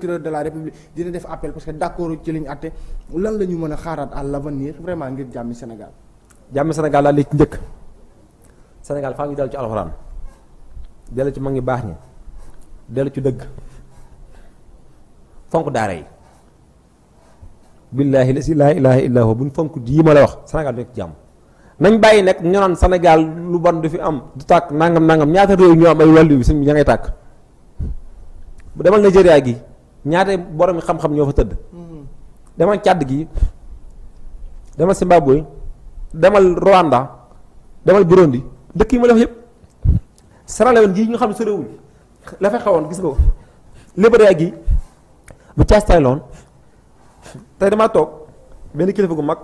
procureur de la république dina def appel parce que d'accord ci liñ àtte lan la ñu mën a xaaraat à nii vraiment ngir jàmmi senegal jàmmi Sénégal daal li ci njëkk senegal faa ngi dellu ci alxuraan dellu ci mag ngi baax ñi dellu ci dëgg fonk daara yi. billaahi la si laa ilaaha illaa huwa fonk yii ma la wax Sénégal du nekk jàmm nañ bàyyi nag ñu naan Sénégal lu bon du fi am du tàkk nangam nangam ñaata réew ñoo am ay wàllu bi suñ bi ña ngay tàkk bu demal Nigeria gi. ñaata borom xam-xam ñoo fa tëdd. demal càdd gi demal Zimbabwe demal Rwanda demal Burundi dëkk yi ma la wax yëpp. Sierra-Leone ñu xam ne sa réew la fa xewoon gis nga ko Libéria gi bu caastay loon tey damaa toog benn kilifa gu mag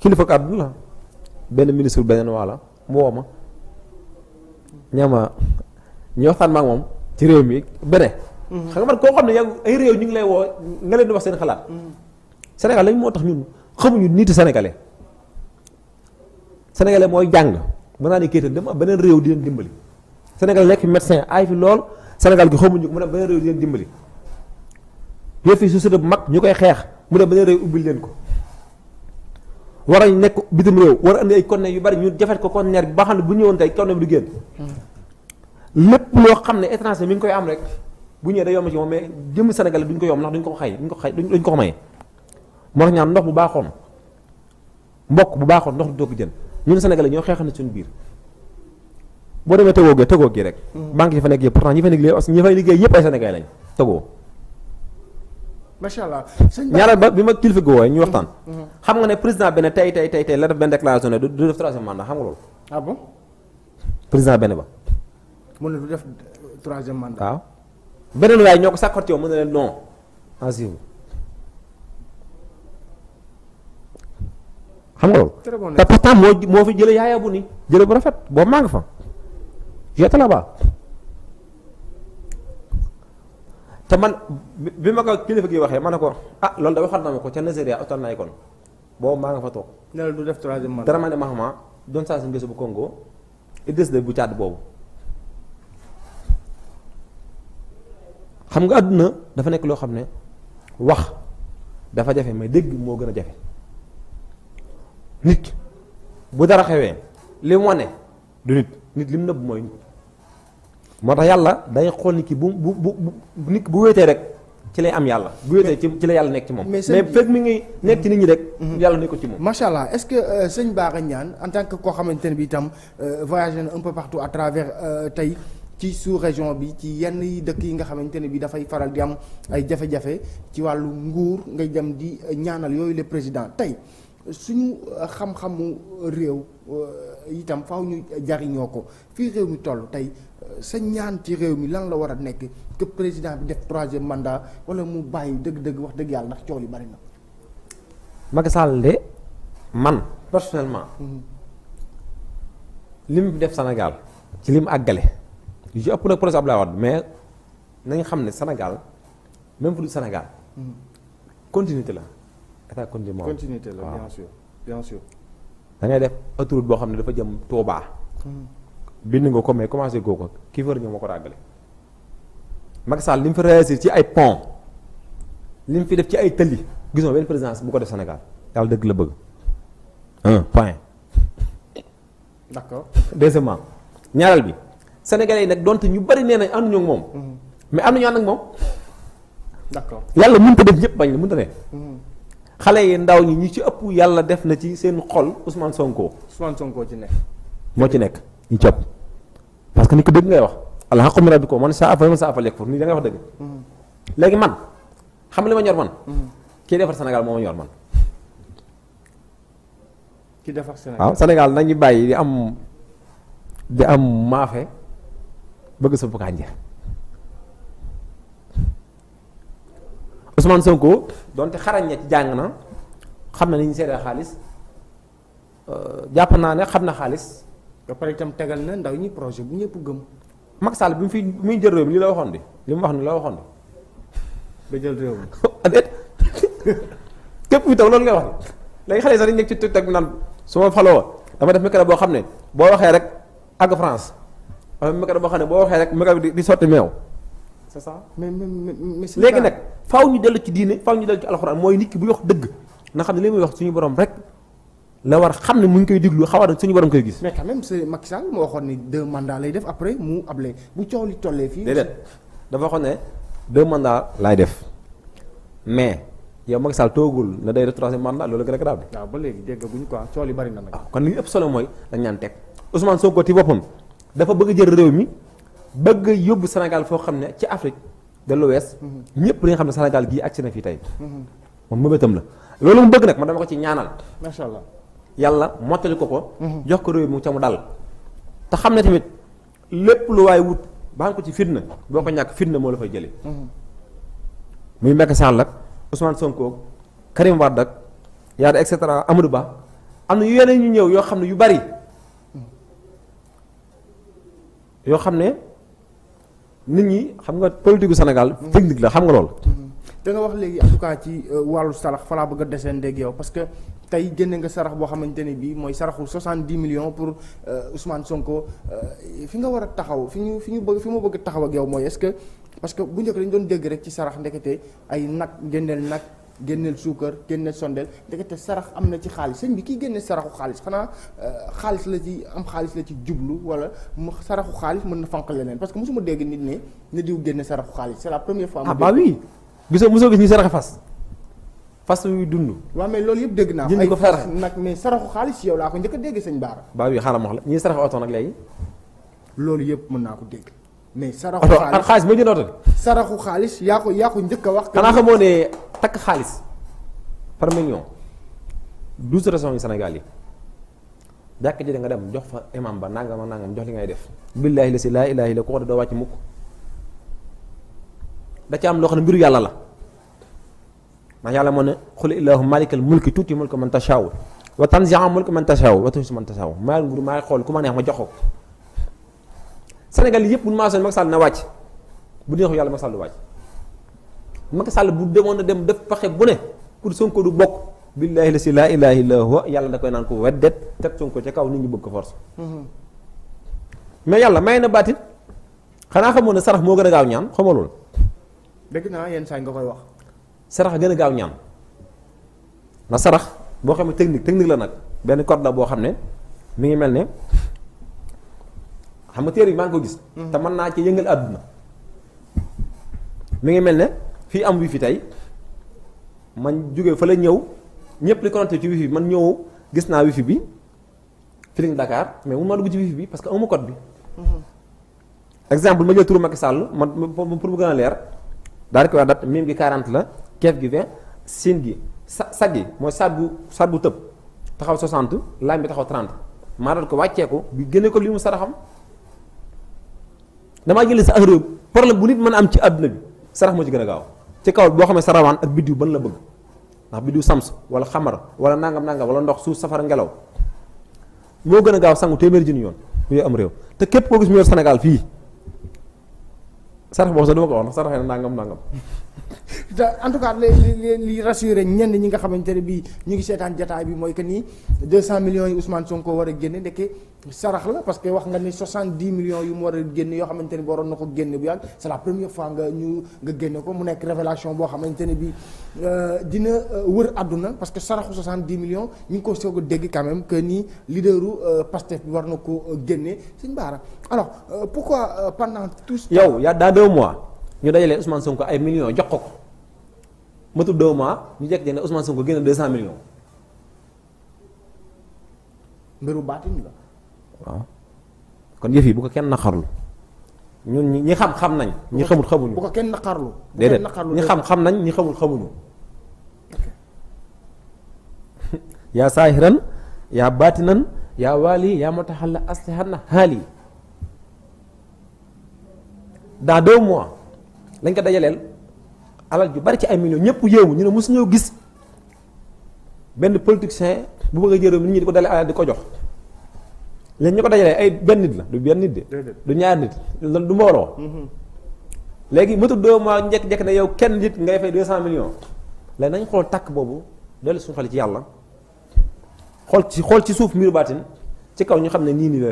kilifa gu àdduna benn ministre beneen waa la mu woo ma ñaama moom ci réew mi bene xam nga man koo xam ne yaa ay réew ñu ngi lay woo nga leen di wax seen xalaat. Mm-hmm. Sénégal lañ moo tax ñun xamuñu nit sénégalais sénégalais mooy jàng mën naa ne kéetal dem ab beneen réew di leen dimbali. Sénégal nekk médecin ay fi lool Sénégal gi xamuñu mu ne beneen réew di leen dimbali yoo fi société bu mag ñu koy xeex mu ne beneen réew ubbil leen ko. war a nekk bitim réew war a andi ay yu bari ñu jafet ko conteneur bi ba xam ne bu ñëwoon tey conteneur bi du génn. Mm-hmm. lépp loo xam ne étranger mi ngi koy am rek. bu ñëw day yomb ci moom mais senegal Sénégal duñ ko yomb ndax duñ ko xay duñ ko xay duñ ko xamee moo tax ñaan ndox bu baaxoon mbokk bu baaxoon ndox du dogg jën ñun Sénégal ñoo xeexal na suñu biir boo demee tëgoo gi tëgoo gi rek mm. banque yi fa nekk yëpp pourtant ñi fa nekk léegi ñi fay liggéey yëpp ay Sénégal lañ tëgoo macha allah ñaareel ba bi ma kilifa gi wooye ñu waxtaan mm-hmm. Mm-hmm. xam nga ne président benn tey tey tey tey la def benn déclaration ne du def troisième mandat xam nga loolu ah président benn ba mu ne du def waaw beneen waaye ñoo ko sàkkoor ci yow mën na leen non ensiw xam nga loolu te pourtant moo moo fi jële yaaya ni jële bu rafet boobu maa nga fa jette la ba te man bi ma ko kilifa gi waxee ma ne ko ah loolu da waxoon na ma ko ca Nigeria otal naay kon boobu maa nga fa toog dara ma ne ma xamaa don saa si mbésu bu Congo Idriss de bu caad boobu xam nga àdduna dafa nekk loo xam ne wax dafa jafe may dégg moo gën a jafe nit bu dara xewee li mu wane du nit nit li mu nëbb mooy nit moo tax yàlla day xool nit ki bu bu bu nit bu wéetee rek ci lay am yàlla bu wéetee ci ci la yàlla nekk ci moom. mais fekk mu ngi nekk ci nit ñi rek. Mhm. yàlla nekkul ci moom. macha allah est-ce que euh, sëñ Bara Niane en tant que koo xamante ne bi itam euh, voyagé na un peu partout à travers euh, tey. ci sous région bi ci yenn yi dëkk yi nga xamante ne bi dafay faral di am ay jafe-jafe ci wàllu nguur ngay dem di ñaanal yooyu le président tey suñu xam-xamu réew euh, itam faw ñu jariñoo ko fii réew mi toll tey sa ñaan ci réew mi lan la war a nekk que président bi def troisième mandat wala mu bàyyi dëgg-dëgg wax dëgg yàlla ndax coow li bari na. Macky Sall man personnellement. Mm-hmm. li def Sénégal ci li mu àggale. yu ëpp nag projet Abdoulaye Wade mais nañ xam ne senegal même fu du Sénégal. Hmm. continuité la état continué continuité la bien sûr bien sûr. da ngay def autoroute boo xam ne dafa jëm Touba. Hmm. bind nga ko mais commencé goo ko kii fa ñëw moo ko ràggale. Macky lim li mu fi réussir ci ay pont li fi def ci ay tëli gisuma benn présidence bu ko def senegal yàlla dëgg la bëgg un point. d' bi. sénégalais yi nag donte ñu bari nee nañ ànduñu ak moom. Mm-hmm. mais am nañu ànd ak moom. yàlla mënut a def ñëpp bañ la mënut a ne. Mm-hmm. xale yi ndaw ñi ñu ci ëpp yàlla def na ci seen xol Ousmane Sonko. Ousmane Sonko ci nekk. moo ci nekk ñu ci ëpp que ni ko dëgg ngay wax alhaqqu min rabbikum man saa fa man saa fa lekk foofu nii da ngay wax dëgg. Mm-hmm. léegi man xam nga li ma ñor man. kii defar Sénégal moo ma ñor man. defar Sénégal waaw Sénégal nañu bàyyi di am di am maafe. bëgg sëpp kànja Ousmane Sonko donte xarañ na ci jàng na xam na ni ñu seedeel xaalis euh, jàpp naa ne xam na xaalis. ba pare itam tegal na ndaw ñu projet bu ñëpp gëm. Macky Sall bi mu fi muy jël réew mi li la waxoon de li mu wax ni la waxoon de. ba jël réew mi. déet képp fi taw loolu ngay wax léegi xale yi sax dañu nekk ci TikTok bi naan su ma faloo dama def micro boo xam ne boo waxee rek àgg France. waaye microbe boo xam ne boo waxee rek microbe di sotti meew. c'est ça mais mais léegi nag faaw ñu dellu ci diine faaw ñu dellu ci alxuraan mooy nit ki bu wax dëgg na li muy wax suñu borom rek la war xam ne mu ngi koy déglu xawaar suñu borom koy gis. mais quand même c'est Macky Sall moo waxoon ni deux mandats lay def après mu ablé bu coow li tollee fii. déedéet dafa waxoon ne deux mandats laay def mais yow Macky Sall toogul na day def troisième mandat loolu gën a grave. waaw ba léegi dégg guñ quoi coow bari na nag. ah kon li ëpp solo mooy dañ ñaan teg soo Sonko ci boppam dafa bëgg jël réew mi bëgg yóbbu Sénégal foo xam ne ci Afrique de l'Ouest ñëpp li nga xam ne Sénégal gii agsi na fii tey mhm. moom mëbétam la loolu mu bëgg nag man dama ko ci ñaanal yàlla mottali ko ko mhm. jox ko réew mi ca mu dal te xam ne tamit lépp lu waay wut baa ko ci fitna boo ko ñàkk fitna moo la fay jëlee mhm. muy Macky Sall ak Ousmane Sonko Karim Wade ak yaa et Ba am na yeneen yu ñëw yoo xam ne yu bari yoo xam ne nit ñi xam nga politique gu Sénégal. technique la xam nga lool. da nga wax léegi en tout ci euh, wàllu sarax falaa bëgg a deseen dégg yow parce que tey génne nga sarax boo xamante ne bii mooy saraxu 70 million pour euh, Ousmane Sonko euh, fi nga war a taxaw fi ñu fi ñu bëgg fi mu bëgg taxaw ak yow mooy est-ce que parce que bu njëkk dañu doon dégg rek ci sarax ndekete ay nag génneel nag. génneel suukar génne sondeel ndekete sarax am na ci xaalis sëñ bi kii génne saraxu xaalis xanaa euh, xaalis la ci am xaalis la ci jublu wala mu saraxu xaalis mën na fanq leneen parce que mosuma dégg nit ne na diw génne saraxu xaalis c'est la première fois. Ah yëpp dégg a dégg sëñ Baara. bah oui xaaral ma wax la ñuy saraxe oto nag léegi. yëpp mën naa ko dégg. mais saraxu xaalis oto xaalis ma jënd yaa ko yaa ko njëkk a wax. xanaa xamoo ne takk xaalis par million douze régions yi Sénégal yi jàkk ji da dem jox fa imam ba nangam ak nangam jox li ngay def. billaahi la si laa ilaaha illa ku ko doo wàcc mukk da ci am loo xam ne mbiru yàlla la ndax yàlla moo ne xul illaahu malikal mulki tuuti mulka man tashaa'u wa tanzi'u mulka man tashaa'u wa tu'izzu man tashaa'u maa ngi maa ngi xool ku ma neex ma jox ko Sénégal yëpp bu ñu maasoon Macky Sall na wàcc bu neexu yàlla Macky Sall du wàcc. Macky Sall bu demoon na dem def pexe bu ne pour Sonko du bokk billaahi la si laa ilaaha illa huwa yàlla da koy naan ko weddet teg Sonko ca kaw nit ñi bëgg ko force mhm. mais yàlla may na baatit xanaa xamoon ne sarax moo gën a gaaw ñaan xamoo loolu dégg nga koy sarax a gaaw ñaan ndax sarax boo xam ne technique technique la nag benn code la boo xam ne mi ngi mel ne xam nga téere bi maa ngi ko gis mhm. te mën naa ci yëngal àdduna mi ngi mel ne fii am wifi tey man jóge fa la ñëw ñëpp li connecté ci wifi bi man ñëw gis naa wifi bi Feeling Dakar mais mun maa dugg ci wifi bi parce que amuma code bi. Mhm. exemple ma jël turu Macky Sall man pour mu gën a leer daanaka koy wax date gi 40 la keef gi 20 siin gi sa sag gi mooy saat bu saat bu tëb taxaw 60 laam bi taxaw 30 maa doon ko wàccee ko bi génne ko li mu saraxam dama jëlee sa heure problème bu nit mën a am ci àdduna bi sarax moo ci gën a ci kaw boo xamee sa rawaan ak biddiw ban la bëgg ndax biddiw sams wala xamar wala nangam nangam wala ndox su safara ngelaw moo gën a gaaw sangu téeméeri junni yoon yooyu am réew te képp koo gis mu yor Sénégal fii sarax boobu sax du ma ko wax ndax saraxee na nangam nangam en tout cas li li rassuré ñenn ñi nga xamante ne bii ñu ngi seetaan jataay bi mooy que ni 200 millions yi Ousmane Sonko war a génne ndeke sarax la parce que wax nga ni 70 millions yu mu war a génne yoo xamante ne bi waroon na ko génne bu yàgg c'est la première fois nga ñu mu nekk révélation boo xamante ne bii euh, dina euh, wër àdduna parce que saraxu 70 millions ñu ngi ko soog dégg quand même nii ni leaderu euh, Pastef bi war na ko génne suñ baara alors pourquoi pendant tout yow ya daa deux mois ñu dajalee Ousmane Sonko ay millions jox ko ko matul deux mois ñu jekk ne Ousmane Sonko génne deux cent millions. mbiru baatin la. waaw kon yëf yi bu ko kenn naqarlu ñu ñi xam xam nañ. ñi xamul xamuñu bu ko kenn naqarlu. déedéet ñi xam xam nañ ñi xamul xamuñu. yaa saahiran yaa baatinan yaa waali yaa mutaxalla aslihan na haali dans deux dañ ko dajaleel alal ju bari ci ay millions ñëpp yeewu ñu ne mosu ñoo gis benn politicien bu bëgg a jërëm nit ñi di ko dalee alal di ko jox leen ñu ko dajalee ay benn nit la du benn nit de. du ñaar nit du mbooloo. Mhm. léegi motu deux mois njëkk-njëkk ne yow kenn nit ngay fay deux cent millions léegi nañ xool takk boobu dellu suñu ci yàlla xool ci xool ci suuf mbiru baatin ci kaw ñu xam ne nii nii la.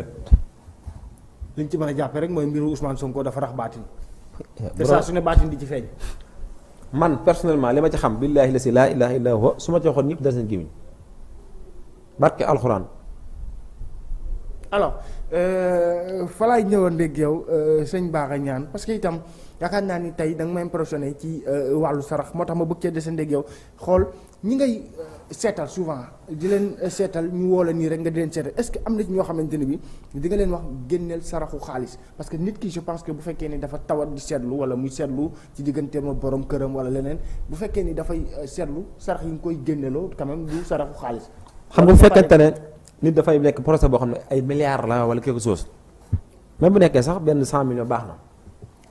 liñ ci mën a jàppee rek mooy mbiru Ousmane Sonko dafa rax te saa su ne baatin di ci feeñ. man personnellement li ma ci xam billaahi la si laa ilaaha illa huwa su ma ci waxoon ñëpp dal seen gémmiñ barke alxuraan. alors euh, fa laay ñëwoon léegi baax a ñaan Niane parce que itam yaakaar naa ni tey danga nga ma impressionné ci euh, wàllu sarax moo tax ma bëgg cee desandi ak yow xool ñi ngay. seetal souvent di leen seetal ñu woo la nii rek nga di leen seetal est-ce que am na ci ñoo xamante ne bi di nga leen wax génneel saraxu xaalis parce que nit ki je pense que bu fekkee ni dafa tawat di seetlu wala muy seetlu ci digganteem ak borom këram wala leneen bu fekkee ni dafay euh, seetlu sarax yi nga koy génneeloo quand même du saraxu xaalis. xam nga bu fekkente ne nit dafay nekk projet boo xam ne ay milliards la wala quelque chose même bu nekkee sax benn cent millions baax na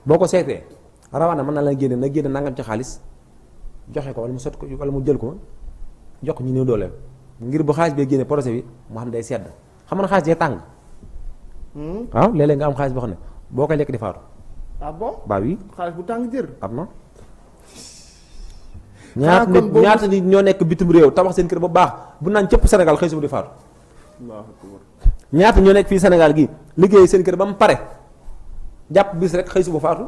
boo ko seetee rawatina mën na la génne na génne nangam ci xaalis joxe ko wala mu sotti ko wala mu jël ko. jox ñu néew dooleem ngir bu xaalis bee génne projet bi moo xam day sedd xam nga xaalis day tàng. Hmm? waaw léeg nga am xaalis boo xam ne boo koy lekk di faatu. ah bon ba oui. xaalis bu tàng jër am na. ñaata nit ñaata nit ñoo nekk bitim réew tabax seen kër ba baax bu naan cëpp Sénégal xëy suba di faatu. ñaata ñoo nekk fii senegal gi liggéey seen kër ba mu pare jàpp bis rek xëy suba faatu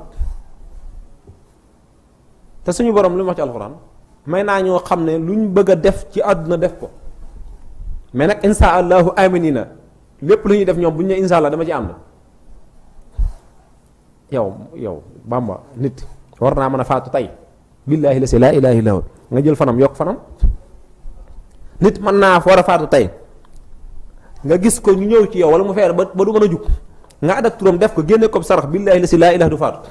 te suñu boroom lu mu wax ci alxuraan. may naa ñoo xam ne luñ bëgg a def ci àdduna def ko mais nag insha allahu aminina lépp lu ñuy def ñoom bu ñu ne insha dama ci am na yow yow bamba nit war naa mën a faatu tey billaahi la si laa ilaaha illaa nga jël fanam yokk fanam nit mën naa war a faatu tey nga gis ko ñu ñëw ci yow wala mu feer ba du mën a jug nga àdd ak turam def ko génne ko sarax billaahi la si laa ilaaha du faatu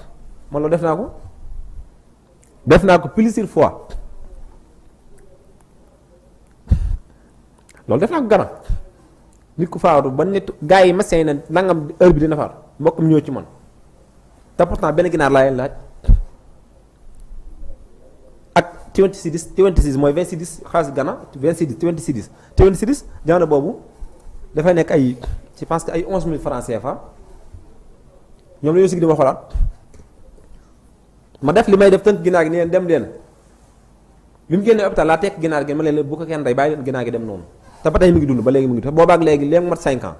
man loolu def naa ko def naa ko plusieurs fois loolu def naa ko garan nit ku faatu ba nit gars yi ma masin na nangam heure bi di dina faatu mbokkam ñëw ci man te pourtant benn ginaar laa leen laaj ak twenty six twenty six mooy vingt six xaalis gana vingt six twenty six twenty six jamono boobu dafay nekk ay ci pense que ay onze mille francs CFA ñoom la ñu sigg di ma xoolaat ma def li may def ten ginaar gi ni leen dem leen bi mu génnee hôpital laa tekk ginaar gi ma leen bu ko kenn rey bàyyi leen ginaar gi dem noonu te ba tey mi ngi dund ba léegi mi ngi dund boobaak léegi léegi mat 5 ans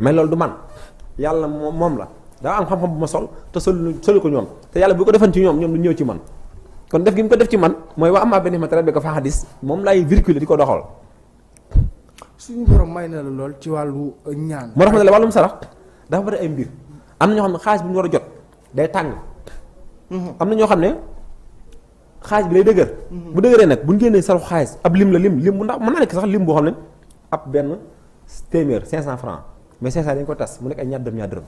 mais loolu du man yàlla moom moom la daa am xam-xam bu ma sol te solu solu ko ñoom te yàlla bu ko defan ci ñoom ñoom du ñëw ci man kon def gi mu ko def ci man mooy wa amaa benn matériel bi ko fa xadis moom laay véhiculer di ko doxal. suñu borom may na la lool ci wàllu euh, ñaan. moo tax ma ne la wàllum sarax dafa bari ay mbir am na ñoo xam ne xaalis bi ñu war a jot day tàng. Mm-hmm. am na ñoo xam ne. xaalis bi lay dëgër. bu dëgëree nag bu ñu génnee saraxu xaalis ab lim la lim lim bu ndax mën na nekk sax lim boo xam ne ab benn téeméer 500 francs mais 500 dañu ko tas mu nekk ay ñaar dërëm ñaar dërëm.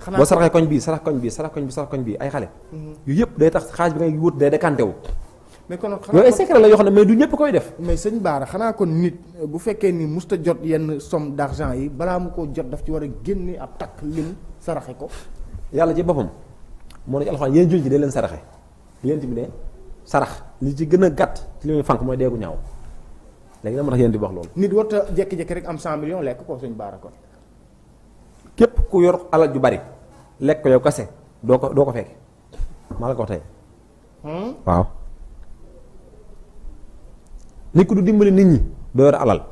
xanaa boo saraxee koñ bii sarax koñ bii sarax koñ bii sarax koñ bii ay xale. Mhm. yooyu yëpp day tax xaalis bi ngay wut day décanté wu. mais kon xanaa yooyu ay secret la yoo xam ne mais du ñëpp koy def. mais sëñ Baara xanaa ko nit bu fekkee ni musta jot yenn somme d' argent yi balaa mu koo jot daf ci war a génne ab takk lim saraxe ko. yàlla ci boppam moo ne ci alxuraan yéen jullit leen saraxe yéen sarax li ci gën a gàtt ci li muy fànk mooy deegu ñaaw léegi dama tax yéen di wax loolu. nit warut a jékki-jékki rek am 100 millions lekk ko suñu baara kon. képp ku yor alal ju bari lekk ko yow kase doo ko doo ko fekk maa la ko tey. Hmm? waaw. nit ku du dimbali nit ñi doo yor alal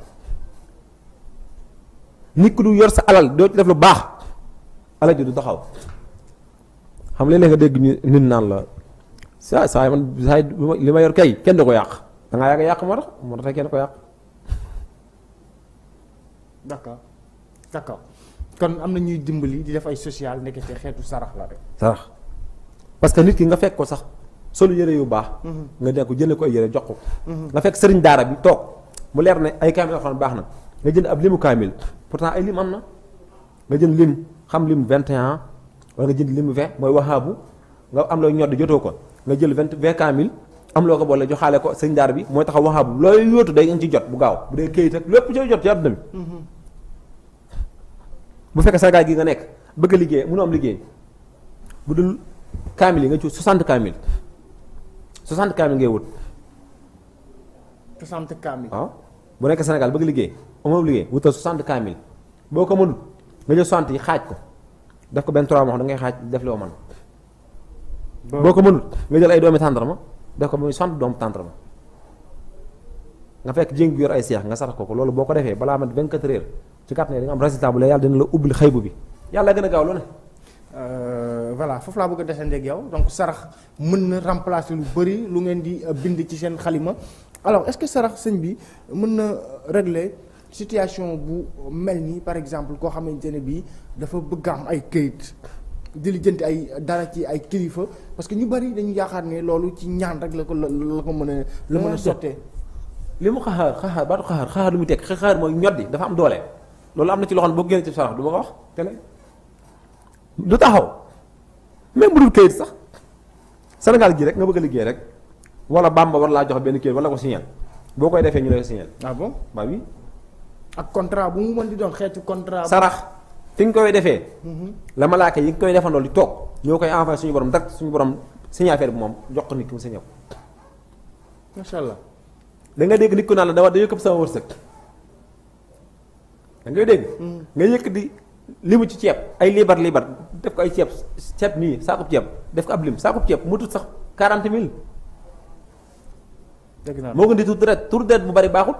nit ku du yor sa alal doo ci def lu baax alal ji du taxaw xam léeg-léeg nga dégg ñu nit naan la. Ah, saa saa man saa li ma yor kay kenn du ko yàq da yàq moo tax moo tax kenn ko yàq. d' accord kon am na ñuy dimbali di def ay social nekk ci xeetu sarax la rek. sarax parce que nit ki nga fekk ko sax solu yére yu baax. Mhm. nga nekk jënd ko ay yëre jox ko. Mhm. nga fekk sëriñ daara bi toog mu leer ne ay kaamil alxuraan baax na nga jënd ab limu kaamil pourtant ay lim am na nga jënd lim xam lim 21 wala nga jënd lim 20 mooy waxaabu nga am looy ñor di jotoo ko. nga jël vingt vingt kaamil am loo ko boole xaale ko sëñ bi mooy taxaw waxaab looy yóotu day nga ci jot bu gaaw bu dee këyit ak lépp ci jot ci àdduna bi mm-hmm. bu fekkee Sénégal gi nga nekk bëgg a liggéey mënoo am liggéey bu dul kaamil yi nga ci soixante kaamil soixante kaamil bu nekkee Sénégal bëgg liggéey amoo liggéey wutal soixante kaamil boo ko mënut nga jël soixante yi xaaj ko def ko benn trois mois da xaaj def loo mën boo ko mënul nga jël ay doomi tàndarma def ko muy sant doomu tàndarma nga fekk jéng bi yor ay seex nga sarax ko ko loolu boo ko defee balaa mat 24 heures ci kàttan yi da nga am résultat bi yàlla gën a gaaw lu ne euh, voilà foofu laa bëgg a desandeeg yow donc sarax mën na remplacer lu lu ngeen di euh, bind ci seen xalima alors est-ce que sarax sëñ bi mën na euh, régler situation bu mel ni par exemple koo xamante ne bii dafa bëgg am ay kayit di lijjanti ay dara ci ay kilifa parce que ñu bari dañu yaakaar ne loolu ci ñaan rek la ko la ko mën a. la mën a li mu xaxaar xaxaar baatu xaxaar xaxaar lu mu teg xaxaar mooy ñoddi dafa am doole loolu am na ci loxo boo génnee ci sarax du ma ko wax te ne du taxaw même bu dul këyit sax senegal gii rek nga bëgg liggéey rek wala Bamba war laa jox benn këyit wala ko signal boo koy defee ñu lay signal. ah bon bah oui. ak contrat bu mu mën di doon xeetu fi nga koy defee. Mhm. la malaaka yi nga koy defandoo di toog ñoo koy envoyé suñu borom dak suñu borom suñu affaire bi moom jox ko nit ki mu sañaw. macha allah da nga dégg nit ku naan la dama da yëkkati sama wërsëg. da ngay dégg. Mhm. nga di limu ci ceeb ay libar liibar def ko ay ceeb ceeb nii saakub ceeb def ko ab lim saakub ceeb mu tut sax quarante mille. dëgg naa moo ko di tur deret tur deret bu bari baaxut.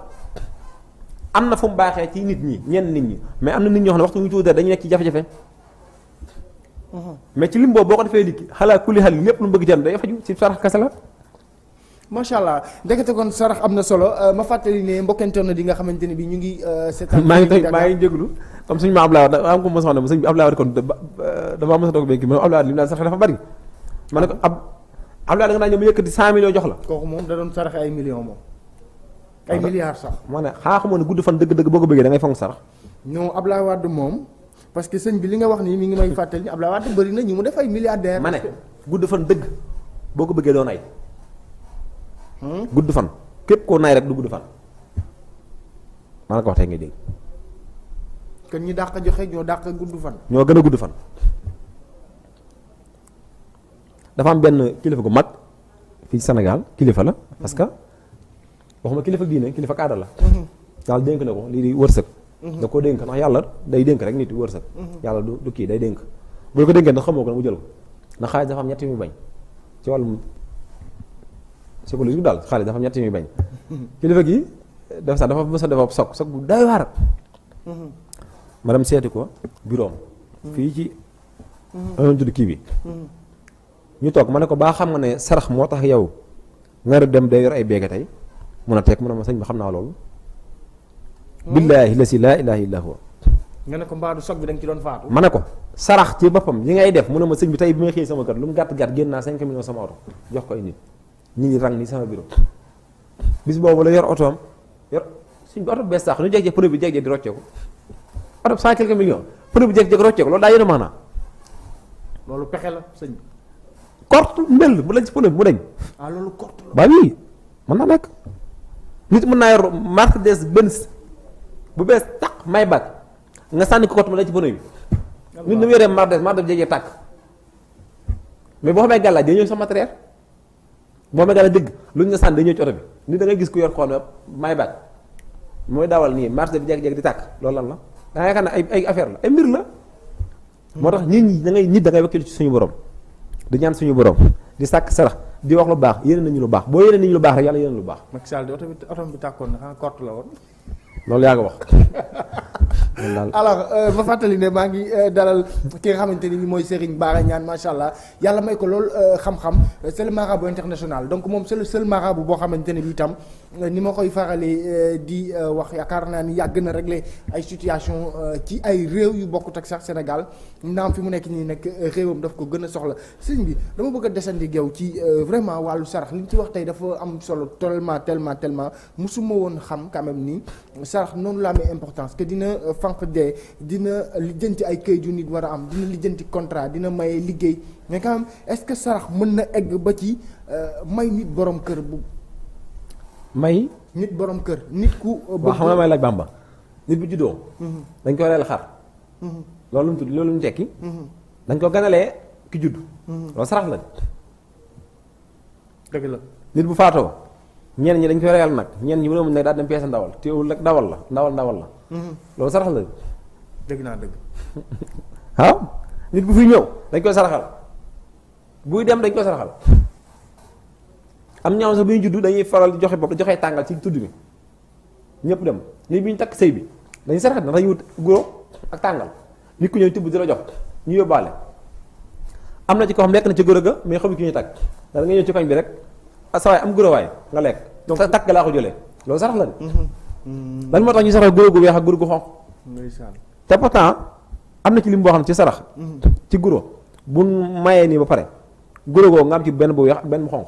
am na fu mu baaxee ci nit ñi ñenn nit ñi mais am na nit ñoo xam ne waxtu ñu tuuti dañu nekk ci jafe-jafe mhm. mais ci lim boobu boo ko defee liki xalaa kulli xal lépp lu mu bëgg jënd day faju ci sarax kese la macha kon sarax am na solo euh, ma fàttali ne mbokkantoon di nga xamante ne bi ñu ngi euh, seetaan maa ngi maa ngi jéglu comme suñu ma Abdoulaye Wade am ko mos a ne sëñ bi Abdoulaye Wade kon euh, dafa mos a toog béyki ma Abdoulaye Wade li mu daan sarax ma ne ko ab Abdoulaye da nga yëkkati 100 millions jox la kooku moom da doon sarax ay million moom ay milliards sax. moo ne xaaxuma ne gudd fan dëgg-dëgg boo ko bëggee da ngay fonk sarax. non Ablaye Wade moom parce que sëñ bi li nga wax nii mi ngi may fàttali ni Ablaye Wade bëri na ñi mu def ay milliardaires. ma ne gudd fan dëgg boo ko bëggee doo nay. Hmm? gudd fan képp koo nay rek du gudd fan. maa la ko wax tey ngay dégg. kon ñi dàq joxe ñoo dàq gudd fan. ñoo gën a gudd fan. dafa am benn kilifa gu mag fii senegal kilifa la parce waxuma kilifa diine kilifa aada la daal mhm. dénk na ko lii di wërsëg mhm. da ko dénk ndax yàlla day dénk rek nit wërsëg mhm. yàlla du kii day dénk bu ko dénkee ndax xamoo ko nag mu jël ko ndax xaalis dafa am ñetti muy muy bañ kilifa gi dafa sax dafa mos a soog soog bu day waar ma dem seeti ko bureau fii ci ñu toog ma ne ko baa xam nga ne sarax moo tax yow nga dem day yor ay béykat mun a teg mun a ma sëñ bi xam naa loolu. billaahi la si laa ilaaha illa huwa nga ne ko mbaadu soog bi da ci doon faatu. ma ne ko sarax ci boppam yi ngay def mun a ma sëñ bi tey bi may xëy sama kër lu mu gàtt gàtt génn naa 5 millions sama oto jox ko ay nit ñi ngi rang ni sama bureau bis boobu la yor am yor suñ bi oto bees sax ñu jékki-jékki produit bi jékki-jékki di rocceeku oto cent quelques millions produit bi jékki-jékki rocceeku loolu daa yéene maanaam. loolu pexe la sëñ bi. korte mbël mu lañ ci produit bi mu deñ. ah loolu ba oui mën naa nit mën naa yor Mercedes Benz bu bees taq may bag nga sànni ko kot ma la ci pneu bi. nit ñi mu yoree Mercedes Mercedes jege tàkk mais boo xamee gàllaaj day ñëw sa matériel boo xamee gàllaaj dëgg lu ñu la sànni day ñëw ci oto bi nit da gis ku yor xool may bag mooy dawal nii Mercedes bi jege-jege di tàkk lool lan la da ngay yaakaar ne ay ay affaire la ay mbir la. moo tax nit ñi dangay ngay da ngay ci suñu borom di ñaan suñu borom. di sàkk sarax di wax lu baax yéene nañu lu baax boo yéene nañu lu baax rek yàlla yéene lu baax. Macky Sall di oto bi oto bi tàkkoon na xanaa korte la woon. loolu yaa ngi wax. alors euh, ma fàttali ne maa ngi euh, dalal ki nga xamante ni mooy Serigne Bara Niane macha allah yàlla may ko lool euh, xam-xam c'est le international donc moom c'est le seul boo xamante ne bi itam ni ma koy faralee euh, di euh, wax yaakaar naa ni yàgg na régler ay situation euh, ci ay réew yu bokkut ak sax Sénégal naam fi mu nekk nii nag réewam daf ko gën a soxla sëñ bi dama bëgg a desandi yow ci vraiment wàllu sarax li ci wax tey dafa am solo tellement tellement tellement mosuma woon xam quand nii ni sarax noonu laa amee importance que dina fanq de dina lijjanti ay këyit yu nit war a am dina lijjanti contrat dina may liggéey mais quand même est-ce que sarax mën na egg ba ci may nit borom kër bu. may. nit borom kër nit ku. waaw xam nga may laaj bàmba nit bu juddoo. Mhm. dañ ko reel xar. Mhm. loolu lu mu tudd loolu mu tekki. Mhm. dañ ko ganalee ki judd. loolu sarax la. dëgg nit bu faatoo ñenn ñi dañ ko reyal nag ñenn ñi mënoo nag daal dem peese ndawal teewul ndawal la ndawal ndawal la. loolu sarax la. dëgg naa dëgg. waaw nit bu fi ñëw dañ koy saraxal buy dem dañ koy saraxal. am ñaaw sax bu ñu juddu dañuy faral di joxe bopp da joxe tàngal ci tudd bi ñëpp dem léegi bi ñu takk sëy bi dañuy saraxat na dañuy wut guro ak tàngal nit ku ñëw tibb di la jox ñu yóbbaale am na ci ko xam lekk na ci guro ga mais xamu ki ñuy takk da nga ñëw ci koñ bi rek ah, sa am guro nga lekk donc takk laa ko jëlee loolu la de mhm. mm-hmm. moo tax ñu sarax guro gu weex ak guro gu xonq te pourtant am na ci lim boo xam ne ci sarax mm-hmm. ci guro bu mayee nii ba pare guro goo nga am ci benn bu weex benn bu xonq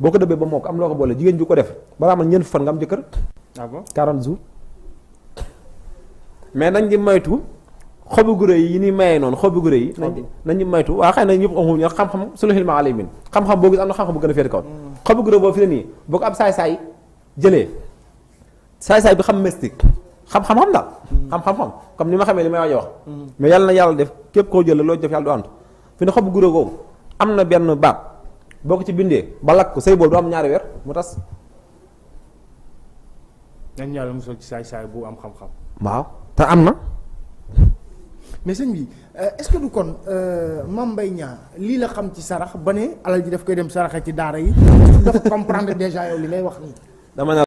boo ko dëbbee ba moo am loo ko boole jigéen ju ko def balaa man ñeent fan nga am jëkkër. ah mais nañ di maytu xobu gure yi ni mayee noonu xobu gure yi. nañ di nañ di moytu waaw xëy na ñëpp amuñu xam-xam sulu xilma alimin xam-xam boo gis am na xam-xam bu gën a féete kaw. Mm. xobu gure boobu boo saay-saay jëlee saay-saay bi xam mystique xam-xam-xam daal. xam mm. xam comme ni ma xamee li may waaj a mm. na yàlla def képp koo jëlee loo jëf yàlla du fi ne xobu gure googu am na benn baat boo ko ci bindee ba lakk ko sëy bool du am ñaari weer mu tas. dañ ñaar musal ci saay saay bu am xam-xam. waaw te am na. mais sëñ bi euh, est-ce que du kon euh, Mame mbay Niang lii la xam ci sarax ba ne alal ji daf koy dem saraxe ci daara yi dafa comprendre déjà yow li ngay wax nii.